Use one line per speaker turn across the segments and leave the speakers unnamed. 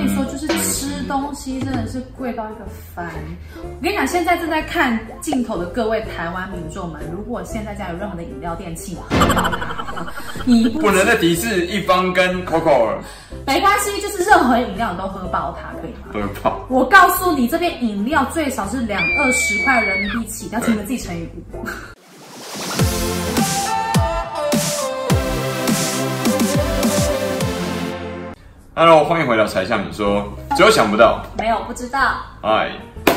跟你說就是吃東西真的是貴到一個煩。我跟你講，現在正在看鏡頭的各位台灣民眾們，如果現在家有任何的飲料電器， 你不，
不能再敵視一方跟 Coco 了。
沒關係，就是任何飲料你都喝爆它，可以嗎？
喝爆。
我告訴你，這邊飲料最少是兩二十塊人民幣起，要記得自己乘以五。
Hello，歡迎回到柴 Sean 你說，只有想不到，
沒有不知道。
Hi，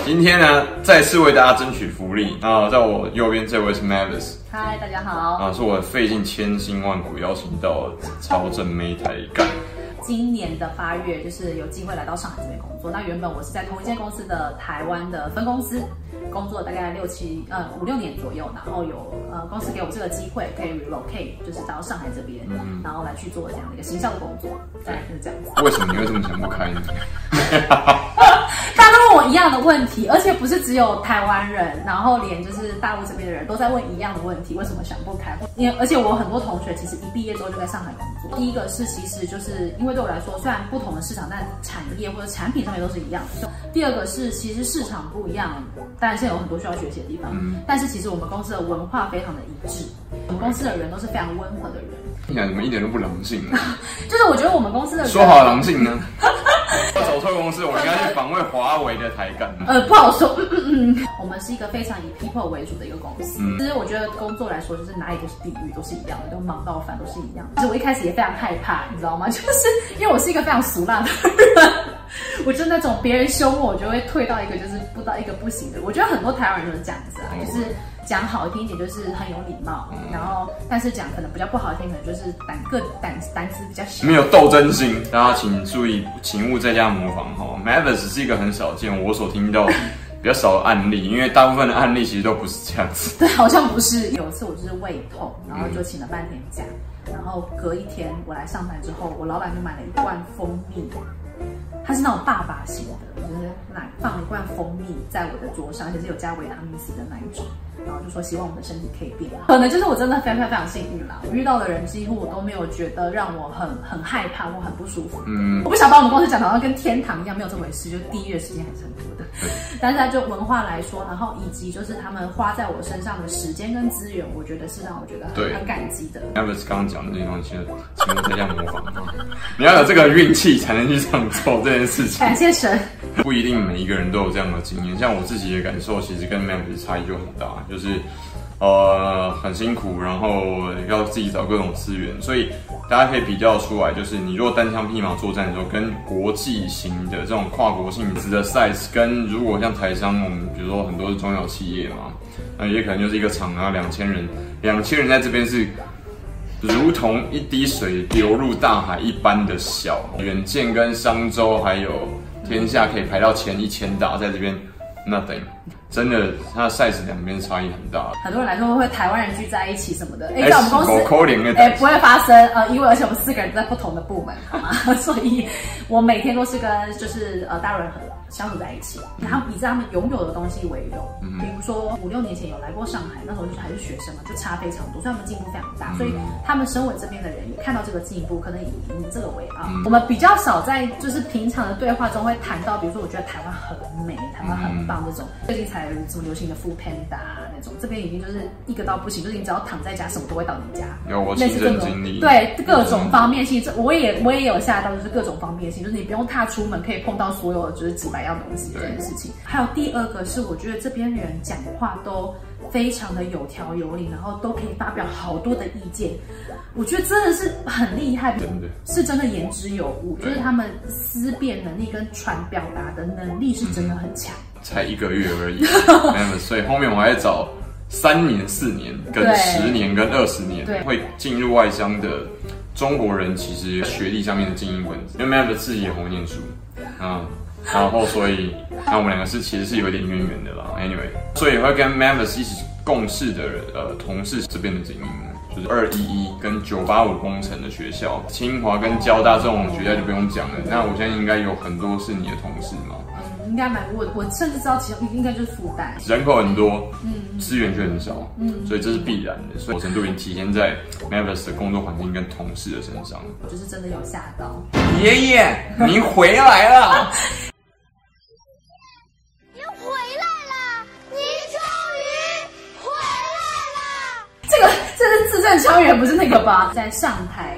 今天呢，再次為大家爭取福利。那、啊、在我右邊這位是 Mavis。嗨，大家好。啊，是我費盡千辛萬苦邀請到的超正妹台幹。
今年的八月就是有機會來到上海這邊工作。那原本我是在同一間公司的台灣的分公司。工作大概六七，呃，五六年左右，然後有，呃，公司給我們這個機會可以 relocate，就是到上海這邊，嗯嗯然後來去做這樣的一個形象的工作，對就是、這樣子。
為什麼你會這麼想不開呢？
一樣的問題，而且不是只有台灣人，然後連就是大陸這邊的人都在問一樣的問題，為什麼想不開？因為而且我很多同學其實一畢業之後就在上海工作。第一個是其實就是因為對我來說，雖然不同的市場，但產業或者產品上面都是一樣的。第二個是其實市場不一樣，但是有很多需要學習的地方。嗯、但是其實我們公司的文化非常的一致，我們公司的人都是非常溫和的人。
啊、你想怎麼一點都不狼性，啊？
就是我覺得我們公司的說好狼性呢？
特工我應該去訪問華
為的台幹？呃，不好說。嗯嗯，嗯，我們是一個非常以 people 為主的一個公司。嗯、其實我覺得工作來說，就是哪裡都是地獄，都是一樣的，都忙到翻，都是一樣。其實我一開始也非常害怕，你知道嗎？就是因為我是一個非常俗辣的人，我就是那種別人兇我，我就會退到一個就是不到一個不行的。我覺得很多台灣人都是這樣子啊，就是。講好聽一點就是很有禮貌，嗯、然後但是講可能比較不好的聽，可能就是膽個膽膽子比較小，沒有鬥
爭性。大家請注意，請勿在家模仿哈、哦。Mavis 是一個很少見，我所聽到比較少的案例， 因為大部分的案例其實都不是這樣子。
對，好像不是。有一次我就是胃痛，然後就請了半天假，嗯、然後隔一天我來上班之後，我老板就買了一罐蜂蜜。它是那種爸爸型的，就是得奶放一罐蜂蜜在我的桌上，而且是有加維他命 C 的那一種，然後就說，希望我們的身體可以變好。可能就是我真的非常非常幸運啦，我遇到的人幾乎我都沒有覺得讓我很很害怕或很不舒服。嗯，我不想把我們公司講得好像跟天堂一樣，沒有這回事，就地獄的時間還是很多的。嗯、但是就文化來說，然後以及就是他們花在我身上的時間跟資源，我覺得是讓我覺得很，對很感激的。
e v e s 剛剛講的地方，其實前面大家模仿。 你要有這個運氣才能去上奏這件事情。感謝神。 不一定每一個人都有這樣的經驗，像我自己的感受，其實跟 Mavis 差異就很大，就是呃很辛苦，然後要自己找各種資源。所以大家可以比較出來，就是你如果單槍匹馬作戰的時候，跟國際型的這種跨國性質的賽事，跟如果像台商，我們比如說很多是中小企業嘛，那也可能就是一個廠啊，兩千人，兩千人在這邊是。如同一滴水流入大海一般的小，遠見跟商周還有天下可以排到前一千大，在這邊 nothing，真的，它的 size 兩邊差異很大。很多人來
說會，會台灣人聚在一起什麼的，哎、欸，我們公司哎不、欸、不會發生，呃，因為而且我們四個人在不同的部門，好嗎？ 所以我每天都是跟就是呃大潤合。相處在一起，然後以他們擁有的東西為榮，嗯、比如說五六年前有來過上海，那時候就是還是學生嘛，就差非常多，所以他們進步非常大。嗯、所以他們身為這邊的人，也看到這個進步，可能以這個為傲。嗯、我們比較少在就是平常的對話中會談到，比如說我覺得台灣很美，台灣很棒這種。嗯、最近才這麼流行的 Foodpanda 那種，這邊已經就是一個到不行，就是你只要躺在家，什麼都會到你家，那是更
不容易。對各種
方便性，嗯、這我也我也有下到就是各種方便性，就是你不用踏出門，可以碰到所有的，就是幾百。要東西這件事情，對還有第二個是，我覺得這邊人講話都非常的有條有理，然後都可以發表好多的意見，我覺得真的是很厲害，真的是真的言之有物，對就是他們思辨能力跟傳表達的能力是真的很強、
嗯。才一個月而已， Mavis, 所以後面我還找三年、四年、跟十年、年、跟二十年會進入外商的中國人，其實學歷上面的精英分子，因為 Mavis 自己也好念書啊。 然後，所以，那我們兩個是其實是有一點淵源的啦。Anyway，所以會跟 Mavis 一起共事的呃同事這邊的精英，就是二一一跟九八五工程的學校，清華跟交大這種學校就不用講了。那我現在應該有很多是你的同事嗎？嗯，應該蠻多，我
甚至知道其
中應該就是復旦。人口很多，資源就很少，嗯，所以這是必然的。所以某程度已經體現在 Mavis 的工作環境跟同事的身上。我就
是
真的有嚇到。爺爺，您回來了。
超遠不是那個吧，在上台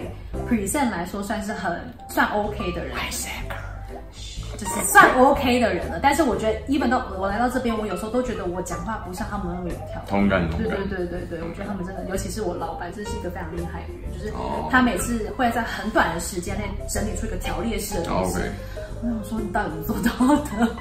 present 來說算是很算 OK 的人，I said. 就是算 OK 的人了。但是我覺得，一般到我來到這邊，我有時候都覺得我講話不像他們那麼有條。同感同感。對對對對對，我覺得他們真的，尤其是我老闆，這是一個非常厲害的人，就是他每次會在很短的時間內整理出一個條列式的東西。我跟你說，你到底能做到的。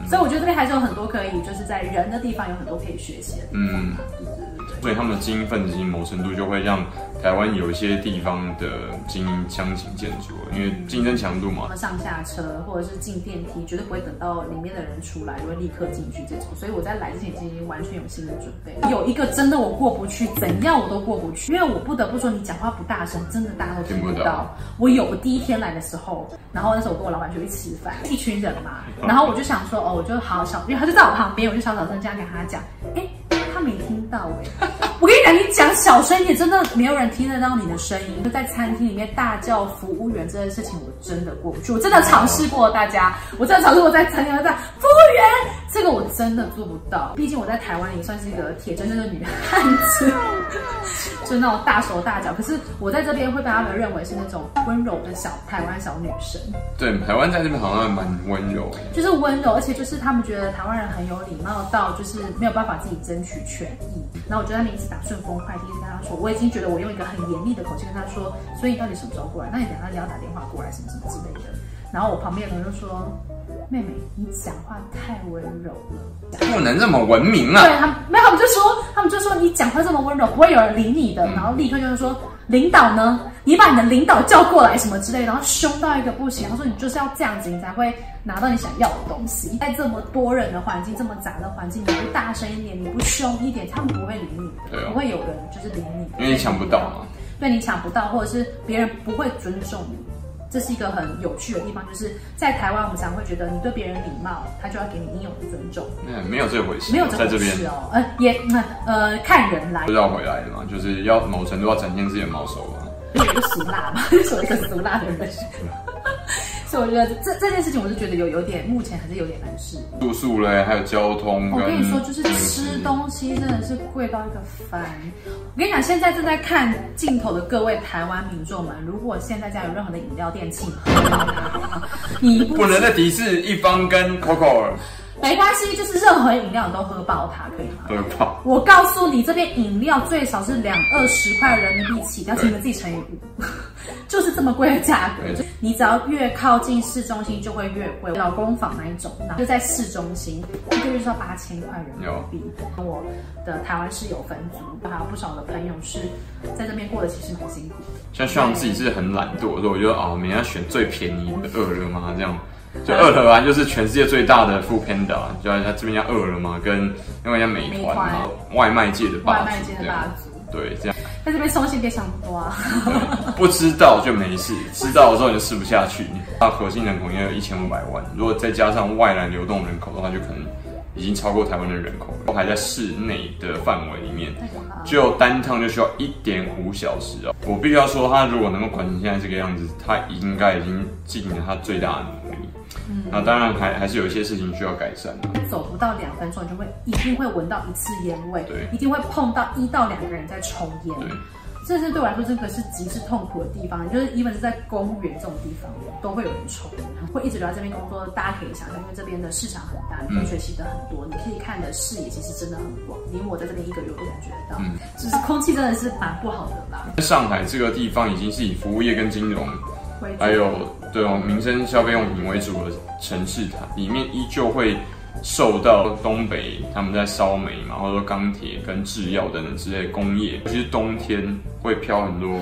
嗯、所以我覺得這邊還是有很多可以，就是在人的地方有很多可以學習的地
方，啊。嗯所以他們的精英分子其實某程度就會讓台灣有一些地方的精英相形見絀，因為競爭強度嘛。他們
上下車或者是進電梯，絕對不會等到裡面的人出來，就會立刻進去這種。所以我在來之前已經完全有心理準備。有一個真的我過不去，怎樣我都過不去，因為我不得不說你講話不大聲，真的大家都聽不到。不到我有我第一天來的時候，然後那時候我跟我老板出去吃飯，一群人嘛，然後我就想說 哦，我就好想，因為他就在我旁邊，我就小聲這樣跟他講，欸沒聽到哎！我跟你講，你講小聲一點，真的沒有人聽得到你的聲音。就在餐廳裡面大叫服務員這件事情，我真的過不去。我真的嘗試過，大家，我真的嘗試過在餐廳裡面大叫服務員。這個我真的做不到，畢竟我在台灣也算是一個鐵錚錚的、就是、女漢子，就那種大手大腳。可是我在這邊會被他們認為是那種溫柔的小台灣小女生。
對，台灣在這邊好像還蠻溫柔，
就是溫柔，而且就是他們覺得台灣人很有禮貌，到就是沒有辦法自己爭取權益。然後我就在那一直打順豐快遞，一直跟他說，我已經覺得我用一個很嚴厲的口氣跟他說，所以你到底什麼時候過來？那你等下你要打電話過來什麼什麼之類的。然後我旁邊的朋友就說。妹妹，你講話太溫柔了，不能這麼文明了、啊。對他們沒有，他們就說，他們就說你講話這麼溫柔，不會有人理你的。嗯、然後立刻就是說，領導呢，你把你的領導叫過來什麼之類的，然後凶到一個不行。他說你就是要這樣子，你才會拿到你想要的東西。你在這麼多人的環境，這麼雜的環境，你不大聲一點，你不凶一點，他們不會理你的。哦、不會有人就是理你，因為你搶不到嘛、啊。對，你搶不到，或者是別人不會尊重你。這是一個很有趣的地方，就是在台灣，我們常會覺得，你對別人禮貌，他就要給你應有的尊
重。沒有這回事，沒有這回事哦。
呃也呃，看人啦，是
要回來的嘛，就是要某程度要展現自己的貓手嘛。 辣 有
個俗辣嘛，做一個俗辣的人。 所以我覺得這這件事情，我是覺得有有點，目前還是有點難適應
住宿嘞，還有交通、哦。我跟你說，就是吃東
西真的是貴到一個翻。我跟你講，現在正在看鏡頭的各位台灣民眾們，如果現在家有任何的飲料店，請要的
你不能再敵視一方跟 Coco
沒關係，就是任何飲料你都喝爆它，可以嗎？
喝爆！
我告訴你，這邊飲料最少是兩二十塊人民幣起，要請你們自己乘以五，對 就是這麼貴的價格，對你只要越靠近市中心就會越貴。老公房那一種，然後就在市中心，一個月就要八千塊人民幣。有我的台灣室友分租，還有不少的朋友是在這邊過的，其實蠻辛苦的。像希望自己
是很懶惰，所以我覺得啊，每天選最便宜的餓了麼這樣。就餓了麼就是全世界最大的 food panda，他這邊叫餓了嘛，跟另外一家美團外賣界的霸主。對,對，這樣。在這邊東西別想多、啊 嗯。不知道就沒事，知道的時候你就吃不下去。他核心人口應該有一千五百萬，如果再加上外來流動人口的話，就可能已經超過台灣的人口了都還在市內的範圍裡面，就單趟就需要一點五小時啊、哦。我必須要說，他如果能夠管成現在這個樣子，他應該已經盡了他最大的努力。那、嗯、當然還還是有一些事情需要改善的。走
不到兩分鐘，你就會一定會聞到一次菸味，對，一定會碰到一到兩個人在抽菸。對這是對我來說，這個是極致痛苦的地方，就是 even 是在公園這種地方，都會有人抽，會一直留在這邊工作。大家可以想象，因為這邊的市場很大，你可以學習的很多，你可以看的視野其實真的很廣，連我在這邊一個月都感覺得到，就、嗯、是空氣真的是蠻不好的
吧。上海這個地方已經是以服務業跟金融為主，還有。對哦，民生消費用品為主的城市它裡面依舊會受到東北他們在燒煤嘛，或者說鋼鐵跟製藥等等之類的工業，尤其是冬天會飄很多。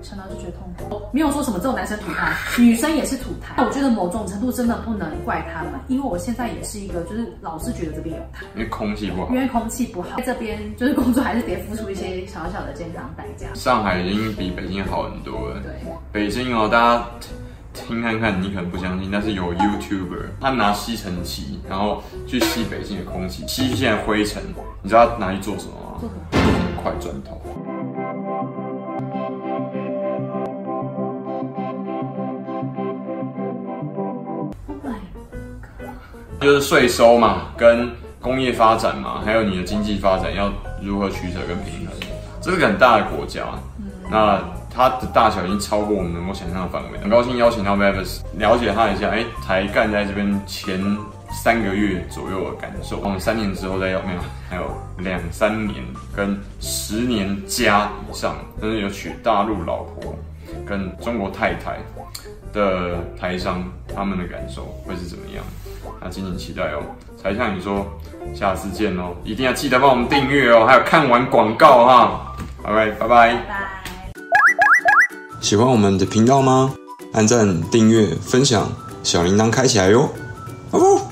想到
就覺得痛苦，沒有說什麼這種男生吐痰，女生也是吐痰。那我覺得某種程度真的不能怪他們，因為我現在也是一個，就是老是覺得這邊有
痰，因為空氣不好，因為
空氣不好，這邊就是工作還是得付出一些小小的健康代價。
上海已經比北京好很多了，對，北京哦，大家，聽看看，你可能不相信，但是有 YouTuber 他拿吸塵器，然後去吸北京的空氣，吸一些灰塵，你知道他拿去做什麼嗎？做塊磚頭。God 就是稅收嘛，跟工業發展嘛，還有你的經濟發展要如何取舍跟平衡，這是個很大的國家。那它的大小已經超過我們能夠想象的範圍，很高興邀請到 Mavis 了解他一下，哎、欸，台幹在這邊前三個月左右的感受，我們三年之後再邀。沒有，還有兩三年跟十年加以上，但是有娶大陸老婆跟中國太太的台商，他們的感受會是怎麼樣？那敬請期待哦，柴 Sean 你說下次見哦，一定要記得幫我們訂閱哦，還有看完廣告哈、啊，拜拜拜拜。喜歡我們的頻道嗎？按讚、訂閱、分享，小鈴鐺開起來喲！哦